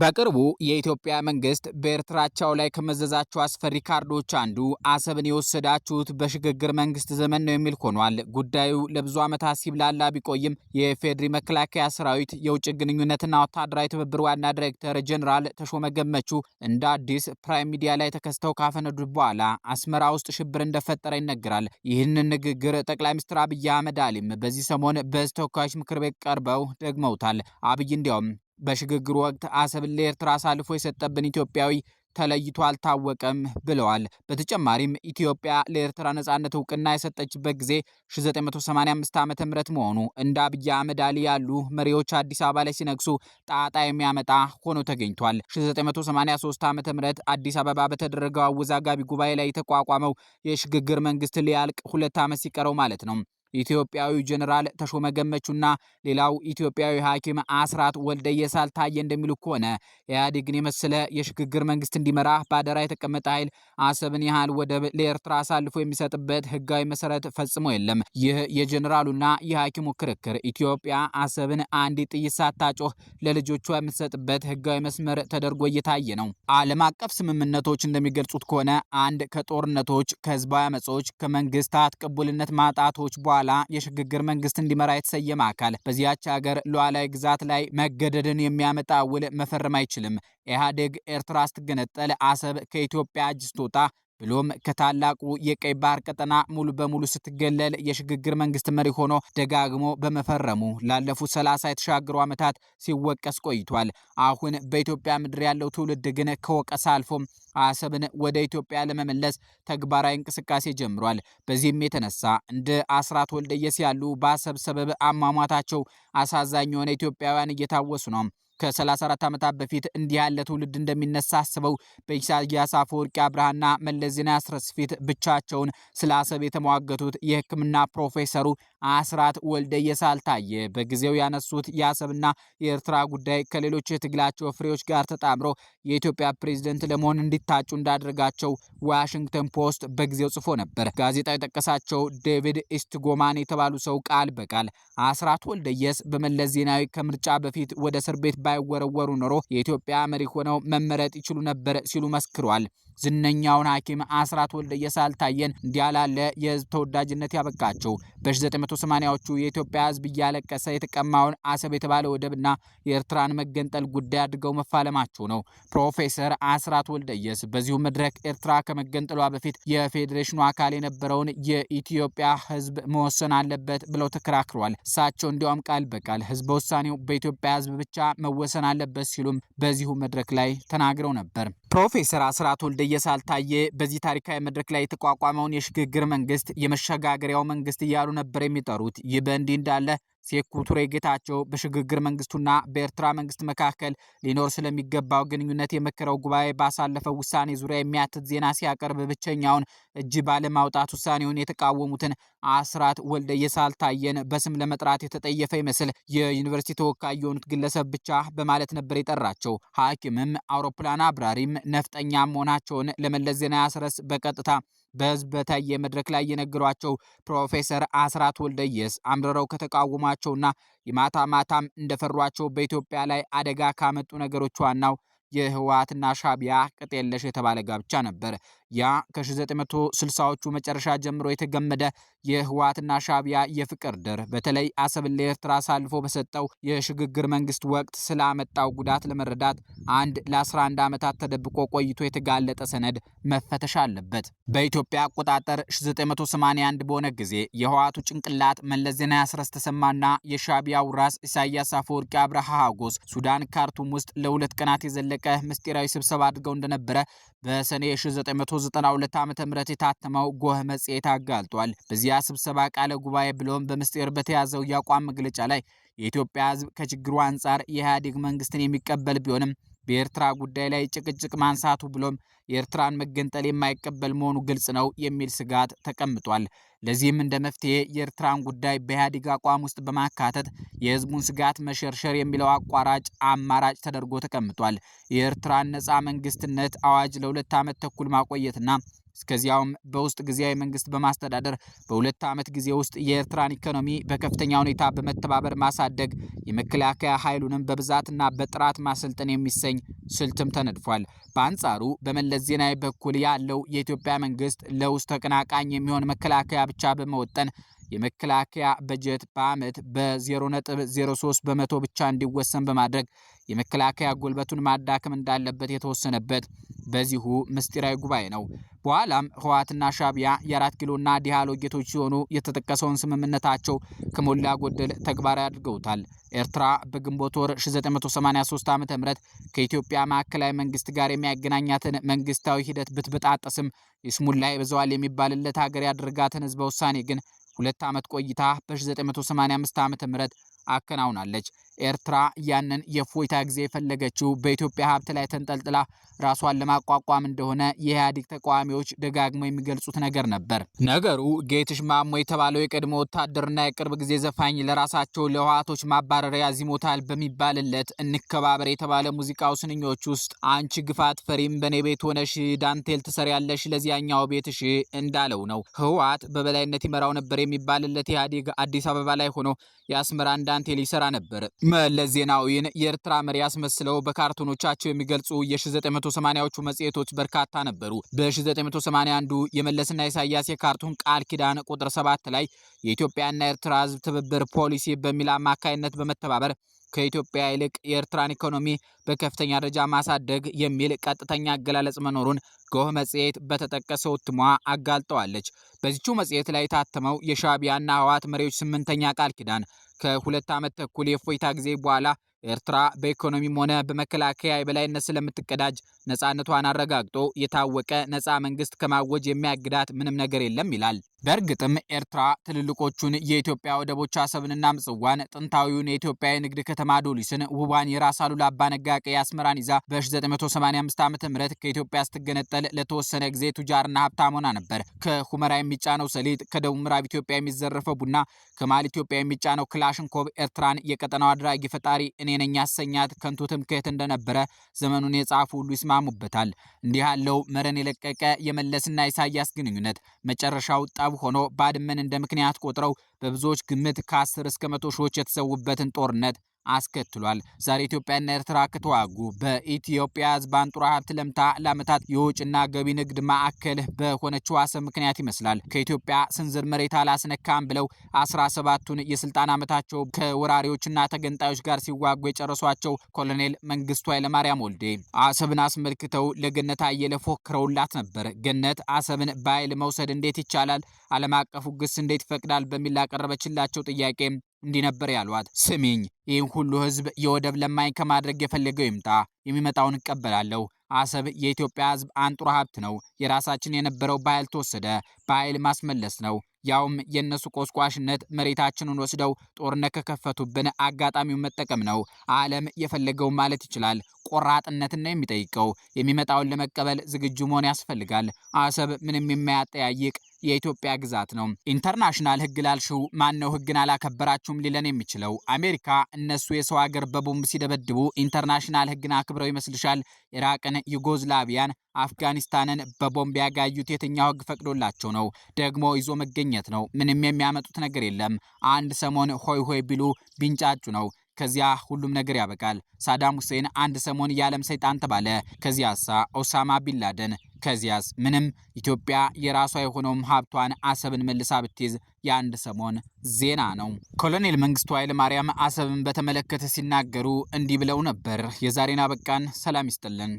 በቅርቡ የኢትዮጵያ መንግስት በኤርትራቻው ላይ ከመዘዛቸው አስፈሪ ካርዶች አንዱ አሰብን የወሰዳችሁት በሽግግር መንግስት ዘመን ነው የሚል ሆኗል። ጉዳዩ ለብዙ ዓመታት ሲብላላ ቢቆይም የፌድሪ መከላከያ ሰራዊት የውጭ ግንኙነትና ወታደራዊ ትብብር ዋና ዲሬክተር ጀኔራል ተሾመ ገመቹ እንደ አዲስ ፕራይም ሚዲያ ላይ ተከስተው ካፈነዱ በኋላ አስመራ ውስጥ ሽብር እንደፈጠረ ይነገራል። ይህንን ንግግር ጠቅላይ ሚኒስትር አብይ አህመድ አሊም በዚህ ሰሞን በተወካዮች ምክር ቤት ቀርበው ደግመውታል። አብይ እንዲያውም በሽግግሩ ወቅት አሰብን ለኤርትራ አሳልፎ የሰጠብን ኢትዮጵያዊ ተለይቶ አልታወቀም ብለዋል። በተጨማሪም ኢትዮጵያ ለኤርትራ ነጻነት እውቅና የሰጠችበት ጊዜ 1985 ዓ ም መሆኑ እንደ አብይ አህመድ አሊ ያሉ መሪዎች አዲስ አበባ ላይ ሲነግሱ ጣጣ የሚያመጣ ሆኖ ተገኝቷል። 1983 ዓ ም አዲስ አበባ በተደረገው አወዛጋቢ ጉባኤ ላይ የተቋቋመው የሽግግር መንግስት ሊያልቅ ሁለት ዓመት ሲቀረው ማለት ነው ኢትዮጵያዊ ጀኔራል ተሾመ ገመቹና ሌላው ኢትዮጵያዊ ሐኪም አስራት ወልደየስ አልታየ እንደሚሉ ከሆነ ኢህአዴግን የመሰለ የሽግግር መንግስት እንዲመራ በአደራ የተቀመጠ ኃይል አሰብን ያህል ወደብ ለኤርትራ አሳልፎ የሚሰጥበት ህጋዊ መሰረት ፈጽሞ የለም። ይህ የጀኔራሉና የሐኪሙ ክርክር ኢትዮጵያ አሰብን አንድ ጥይት ሳታጮህ ለልጆቿ የምትሰጥበት ህጋዊ መስመር ተደርጎ እየታየ ነው። ዓለም አቀፍ ስምምነቶች እንደሚገልጹት ከሆነ አንድ ከጦርነቶች ከህዝባዊ አመጾች ከመንግስታት ቅቡልነት ማጣቶች በኋላ በኋላ የሽግግር መንግስት እንዲመራ የተሰየመ አካል በዚያች ሀገር ሉዓላዊ ግዛት ላይ መገደድን የሚያመጣ ውል መፈረም አይችልም። ኢህአዴግ ኤርትራ ስትገነጠል፣ አሰብ ከኢትዮጵያ እጅ ስትወጣ ብሎም ከታላቁ የቀይ ባህር ቀጠና ሙሉ በሙሉ ስትገለል የሽግግር መንግስት መሪ ሆኖ ደጋግሞ በመፈረሙ ላለፉት ሰላሳ የተሻገሩ ዓመታት ሲወቀስ ቆይቷል። አሁን በኢትዮጵያ ምድር ያለው ትውልድ ግን ከወቀሳ አልፎም አሰብን ወደ ኢትዮጵያ ለመመለስ ተግባራዊ እንቅስቃሴ ጀምሯል። በዚህም የተነሳ እንደ አስራት ወልደየስ ያሉ በአሰብ ሰበብ አሟሟታቸው አሳዛኝ የሆነ ኢትዮጵያውያን እየታወሱ ነው። ከ34 ዓመታት በፊት እንዲህ ያለ ትውልድ እንደሚነሳ አስበው በኢሳያስ አፈወርቂ አብርሃና መለስ ዜናዊ አስረስ ፊት ብቻቸውን ስለ አሰብ የተሟገቱት የሕክምና ፕሮፌሰሩ አስራት ወልደየስ አልታየ በጊዜው ያነሱት የአሰብና የኤርትራ ጉዳይ ከሌሎች የትግላቸው ፍሬዎች ጋር ተጣምሮ የኢትዮጵያ ፕሬዝደንት ለመሆን እንዲታጩ እንዳደረጋቸው ዋሽንግተን ፖስት በጊዜው ጽፎ ነበር። ጋዜጣው የጠቀሳቸው ዴቪድ ኢስትጎማን የተባሉ ሰው ቃል በቃል አስራት ወልደየስ በመለስ ዜናዊ ከምርጫ በፊት ወደ እስር ቤት ባይወረወሩ ኖሮ የኢትዮጵያ መሪ ሆነው መመረጥ ይችሉ ነበር ሲሉ መስክሯል። ዝነኛውን ሐኪም አስራት ወልደየስ አልታየን እንዲያላለ የህዝብ ተወዳጅነት ያበቃቸው በ1980ዎቹ የኢትዮጵያ ህዝብ እያለቀሰ የተቀማውን አሰብ የተባለ ወደብና የኤርትራን መገንጠል ጉዳይ አድርገው መፋለማቸው ነው። ፕሮፌሰር አስራት ወልደየስ በዚሁ መድረክ ኤርትራ ከመገንጠሏ በፊት የፌዴሬሽኑ አካል የነበረውን የኢትዮጵያ ህዝብ መወሰን አለበት ብለው ተከራክሯል። እሳቸው እንዲያውም ቃል በቃል ህዝበ ውሳኔው በኢትዮጵያ ህዝብ ብቻ መወሰን አለበት ሲሉም በዚሁ መድረክ ላይ ተናግረው ነበር። ፕሮፌሰር አስራት ወልደየስ አልታዬ በዚህ ታሪካዊ መድረክ ላይ የተቋቋመውን የሽግግር መንግስት የመሸጋገሪያው መንግስት እያሉ ነበር የሚጠሩት። ይህ በእንዲህ እንዳለ ሴኩ ቱሬ ጌታቸው በሽግግር መንግስቱና በኤርትራ መንግስት መካከል ሊኖር ስለሚገባው ግንኙነት የመከረው ጉባኤ ባሳለፈው ውሳኔ ዙሪያ የሚያትት ዜና ሲያቀርብ ብቸኛውን እጅ ባለማውጣት ውሳኔውን የተቃወሙትን አስራት ወልደ የሳልታየን በስም ለመጥራት የተጠየፈ ይመስል የዩኒቨርሲቲ ተወካይ የሆኑት ግለሰብ ብቻ በማለት ነበር የጠራቸው። ሐኪምም አውሮፕላን አብራሪም ነፍጠኛ መሆናቸውን ለመለስ ዜና ያስረስ በቀጥታ በህዝብ በታየ መድረክ ላይ የነገሯቸው ፕሮፌሰር አስራት ወልደየስ አምርረው ከተቃወሟቸውና የማታ ማታም እንደፈሯቸው በኢትዮጵያ ላይ አደጋ ካመጡ ነገሮች ዋናው የህወሓትና ሻቢያ ቅጥ የለሽ የተባለ ጋብቻ ነበር። ያ ከ1960ዎቹ መጨረሻ ጀምሮ የተገመደ የህወሓትና ሻቢያ የፍቅር ድር በተለይ አሰብን ለኤርትራ አሳልፎ በሰጠው የሽግግር መንግስት ወቅት ስላመጣው ጉዳት ለመረዳት አንድ ለ11 ዓመታት ተደብቆ ቆይቶ የተጋለጠ ሰነድ መፈተሽ አለበት። በኢትዮጵያ አቆጣጠር 1981 በሆነ ጊዜ የህወሓቱ ጭንቅላት መለስ ዜናዊ አስረስ ተሰማና የሻቢያው ራስ ኢሳያስ አፈወርቂ አብርሃ ሀጎስ ሱዳን ካርቱም ውስጥ ለሁለት ቀናት የዘለቀ ምስጢራዊ ስብሰባ አድርገው እንደነበረ በሰኔ 1992 ዓ ም የታተመው ጎህ መጽሔት አጋልጧል። በዚያ ስብሰባ ቃለ ጉባኤ ብሎም በምስጢር በተያዘው የአቋም መግለጫ ላይ የኢትዮጵያ ሕዝብ ከችግሩ አንጻር የኢህአዴግ መንግስትን የሚቀበል ቢሆንም በኤርትራ ጉዳይ ላይ ጭቅጭቅ ማንሳቱ ብሎም የኤርትራን መገንጠል የማይቀበል መሆኑ ግልጽ ነው የሚል ስጋት ተቀምጧል። ለዚህም እንደ መፍትሄ የኤርትራን ጉዳይ በኢህአዴግ አቋም ውስጥ በማካተት የህዝቡን ስጋት መሸርሸር የሚለው አቋራጭ አማራጭ ተደርጎ ተቀምጧል። የኤርትራን ነፃ መንግስትነት አዋጅ ለሁለት ዓመት ተኩል ማቆየትና እስከዚያውም በውስጥ ጊዜያዊ መንግስት በማስተዳደር በሁለት ዓመት ጊዜ ውስጥ የኤርትራን ኢኮኖሚ በከፍተኛ ሁኔታ በመተባበር ማሳደግ፣ የመከላከያ ኃይሉንም በብዛትና በጥራት ማሰልጠን የሚሰኝ ስልትም ተነድፏል። በአንጻሩ በመለስ ዜናዊ በኩል ያለው የኢትዮጵያ መንግስት ለውስጥ ተቀናቃኝ የሚሆን መከላከያ ብቻ በመወጠን የመከላከያ በጀት በዓመት በ0.03 በመቶ ብቻ እንዲወሰን በማድረግ የመከላከያ ጉልበቱን ማዳከም እንዳለበት የተወሰነበት በዚሁ ምስጢራዊ ጉባኤ ነው። በኋላም ህወሓትና ሻቢያ የአራት ኪሎና ዲሃሎ ጌቶች ሲሆኑ የተጠቀሰውን ስምምነታቸው ከሞላ ጎደል ተግባራዊ አድርገውታል። ኤርትራ በግንቦት ወር 1983 ዓ ም ከኢትዮጵያ ማዕከላዊ መንግስት ጋር የሚያገናኛትን መንግስታዊ ሂደት ብትበጣጠስም ይስሙላ ይብዛዋል የሚባልለት ሀገር ያደርጋትን ህዝበ ውሳኔ ግን ሁለት ዓመት ቆይታ በ1985 ዓ.ም አከናውናለች። ኤርትራ ያንን የእፎይታ ጊዜ የፈለገችው በኢትዮጵያ ሀብት ላይ ተንጠልጥላ ራሷን ለማቋቋም እንደሆነ የኢህአዴግ ተቃዋሚዎች ደጋግመው የሚገልጹት ነገር ነበር። ነገሩ ጌትሽ ማሞ የተባለው የቀድሞ ወታደርና የቅርብ ጊዜ ዘፋኝ ለራሳቸው ለህወሓቶች ማባረሪያ ዚሞታል በሚባልለት እንከባበር የተባለ ሙዚቃው ስንኞች ውስጥ አንቺ ግፋት ፈሪም በኔ ቤት ሆነሽ ዳንቴል ትሰሪያለሽ ለዚያኛው ቤትሽ እንዳለው ነው። ህወሓት በበላይነት ይመራው ነበር የሚባልለት ኢህአዴግ አዲስ አበባ ላይ ሆኖ የአስመራን ዳንቴል ይሰራ ነበር። መለስ ዜናዊን የኤርትራ መሪ አስመስለው በካርቱኖቻቸው የሚገልጹ የ1980ዎቹ መጽሔቶች በርካታ ነበሩ። በ1981 የመለስና ኢሳያስ የካርቱን ቃል ኪዳን ቁጥር ሰባት ላይ የኢትዮጵያና ኤርትራ ሕዝብ ትብብር ፖሊሲ በሚል አማካይነት በመተባበር ከኢትዮጵያ ይልቅ የኤርትራን ኢኮኖሚ በከፍተኛ ደረጃ ማሳደግ የሚል ቀጥተኛ አገላለጽ መኖሩን ጎህ መጽሔት በተጠቀሰው እትሟ አጋልጠዋለች። በዚቹ መጽሔት ላይ የታተመው የሻቢያና ህወሓት መሪዎች ስምንተኛ ቃል ኪዳን ከሁለት ዓመት ተኩል የእፎይታ ጊዜ በኋላ ኤርትራ በኢኮኖሚም ሆነ በመከላከያ የበላይነት ስለምትቀዳጅ ነፃነቷን አረጋግጦ የታወቀ ነፃ መንግስት ከማወጅ የሚያግዳት ምንም ነገር የለም ይላል። በእርግጥም ኤርትራ ትልልቆቹን የኢትዮጵያ ወደቦች አሰብንና ምጽዋን፣ ጥንታዊውን የኢትዮጵያ የንግድ ከተማ ዶሊስን፣ ውቧን የራስ አሉላ አባነጋ ቀይ አስመራን ይዛ በ1985 ዓ ም ከኢትዮጵያ ስትገነጠል ለተወሰነ ጊዜ ቱጃርና ሀብታም ሆና ነበር። ከሁመራ የሚጫነው ሰሊጥ፣ ከደቡብ ምዕራብ ኢትዮጵያ የሚዘረፈው ቡና፣ ከማል ኢትዮጵያ የሚጫነው ክላሽንኮቭ ኤርትራን የቀጠናው አድራጊ ፈጣሪ እኔ ነኝ ያሰኛት ከንቱ ትምክህት እንደነበረ ዘመኑን የጻፉ ሁሉ ይስማ ይስማሙበታል። እንዲህ ያለው መረን የለቀቀ የመለስና ኢሳያስ ግንኙነት መጨረሻው ጠብ ሆኖ ባድመን እንደ ምክንያት ቆጥረው በብዙዎች ግምት ከ10 እስከ 100 ሺዎች የተሰዉበትን ጦርነት አስከትሏል። ዛሬ ኢትዮጵያና ኤርትራ ከተዋጉ በኢትዮጵያ ሕዝብ አንጡራ ሀብት ለምታ ለአመታት የውጭና ገቢ ንግድ ማዕከል በሆነችው አሰብ ምክንያት ይመስላል ከኢትዮጵያ ስንዝር መሬት አላስነካም ብለው አስራ ሰባቱን የስልጣን ዓመታቸው ከወራሪዎችና ተገንጣዮች ጋር ሲዋጉ የጨረሷቸው ኮሎኔል መንግስቱ ኃይለማርያም ወልዴ አሰብን አስመልክተው ለገነት አየለ ፎክረውላት ነበር። ገነት አሰብን በኃይል መውሰድ እንዴት ይቻላል? ዓለም አቀፉ ግስ እንዴት ይፈቅዳል? በሚል ላቀረበችላቸው ጥያቄ እንዲህ ነበር ያሏት። ስሚኝ፣ ይህን ሁሉ ህዝብ የወደብ ለማኝ ከማድረግ የፈለገው ይምጣ፣ የሚመጣውን እቀበላለሁ። አሰብ የኢትዮጵያ ህዝብ አንጡራ ሀብት ነው። የራሳችን የነበረው በኃይል ተወሰደ፣ በኃይል ማስመለስ ነው። ያውም የእነሱ ቆስቋሽነት መሬታችንን ወስደው ጦርነት ከከፈቱብን አጋጣሚውን መጠቀም ነው። ዓለም የፈለገው ማለት ይችላል። ቆራጥነትን ነው የሚጠይቀው። የሚመጣውን ለመቀበል ዝግጁ መሆን ያስፈልጋል። አሰብ ምንም የማያጠያይቅ የኢትዮጵያ ግዛት ነው። ኢንተርናሽናል ህግ ላልሽው ማን ነው ህግን አላከበራችሁም ሊለን የሚችለው? አሜሪካ እነሱ የሰው ሀገር በቦምብ ሲደበድቡ ኢንተርናሽናል ህግን አክብረው ይመስልሻል? ኢራቅን፣ ዩጎዝላቪያን፣ አፍጋኒስታንን በቦምብ ያጋዩት የትኛው ህግ ፈቅዶላቸው ነው? ደግሞ ይዞ መገኘት ነው። ምንም የሚያመጡት ነገር የለም። አንድ ሰሞን ሆይ ሆይ ቢሉ ቢንጫጩ ነው። ከዚያ ሁሉም ነገር ያበቃል። ሳዳም ሁሴን አንድ ሰሞን የዓለም ሰይጣን ተባለ። ከዚያሳ ኦሳማ ቢንላደን ከዚያስ ምንም። ኢትዮጵያ የራሷ የሆነውም ሀብቷን አሰብን መልሳ ብትይዝ የአንድ ሰሞን ዜና ነው። ኮሎኔል መንግስቱ ኃይለ ማርያም አሰብን በተመለከተ ሲናገሩ እንዲህ ብለው ነበር። የዛሬን አበቃን። ሰላም ይስጥልን።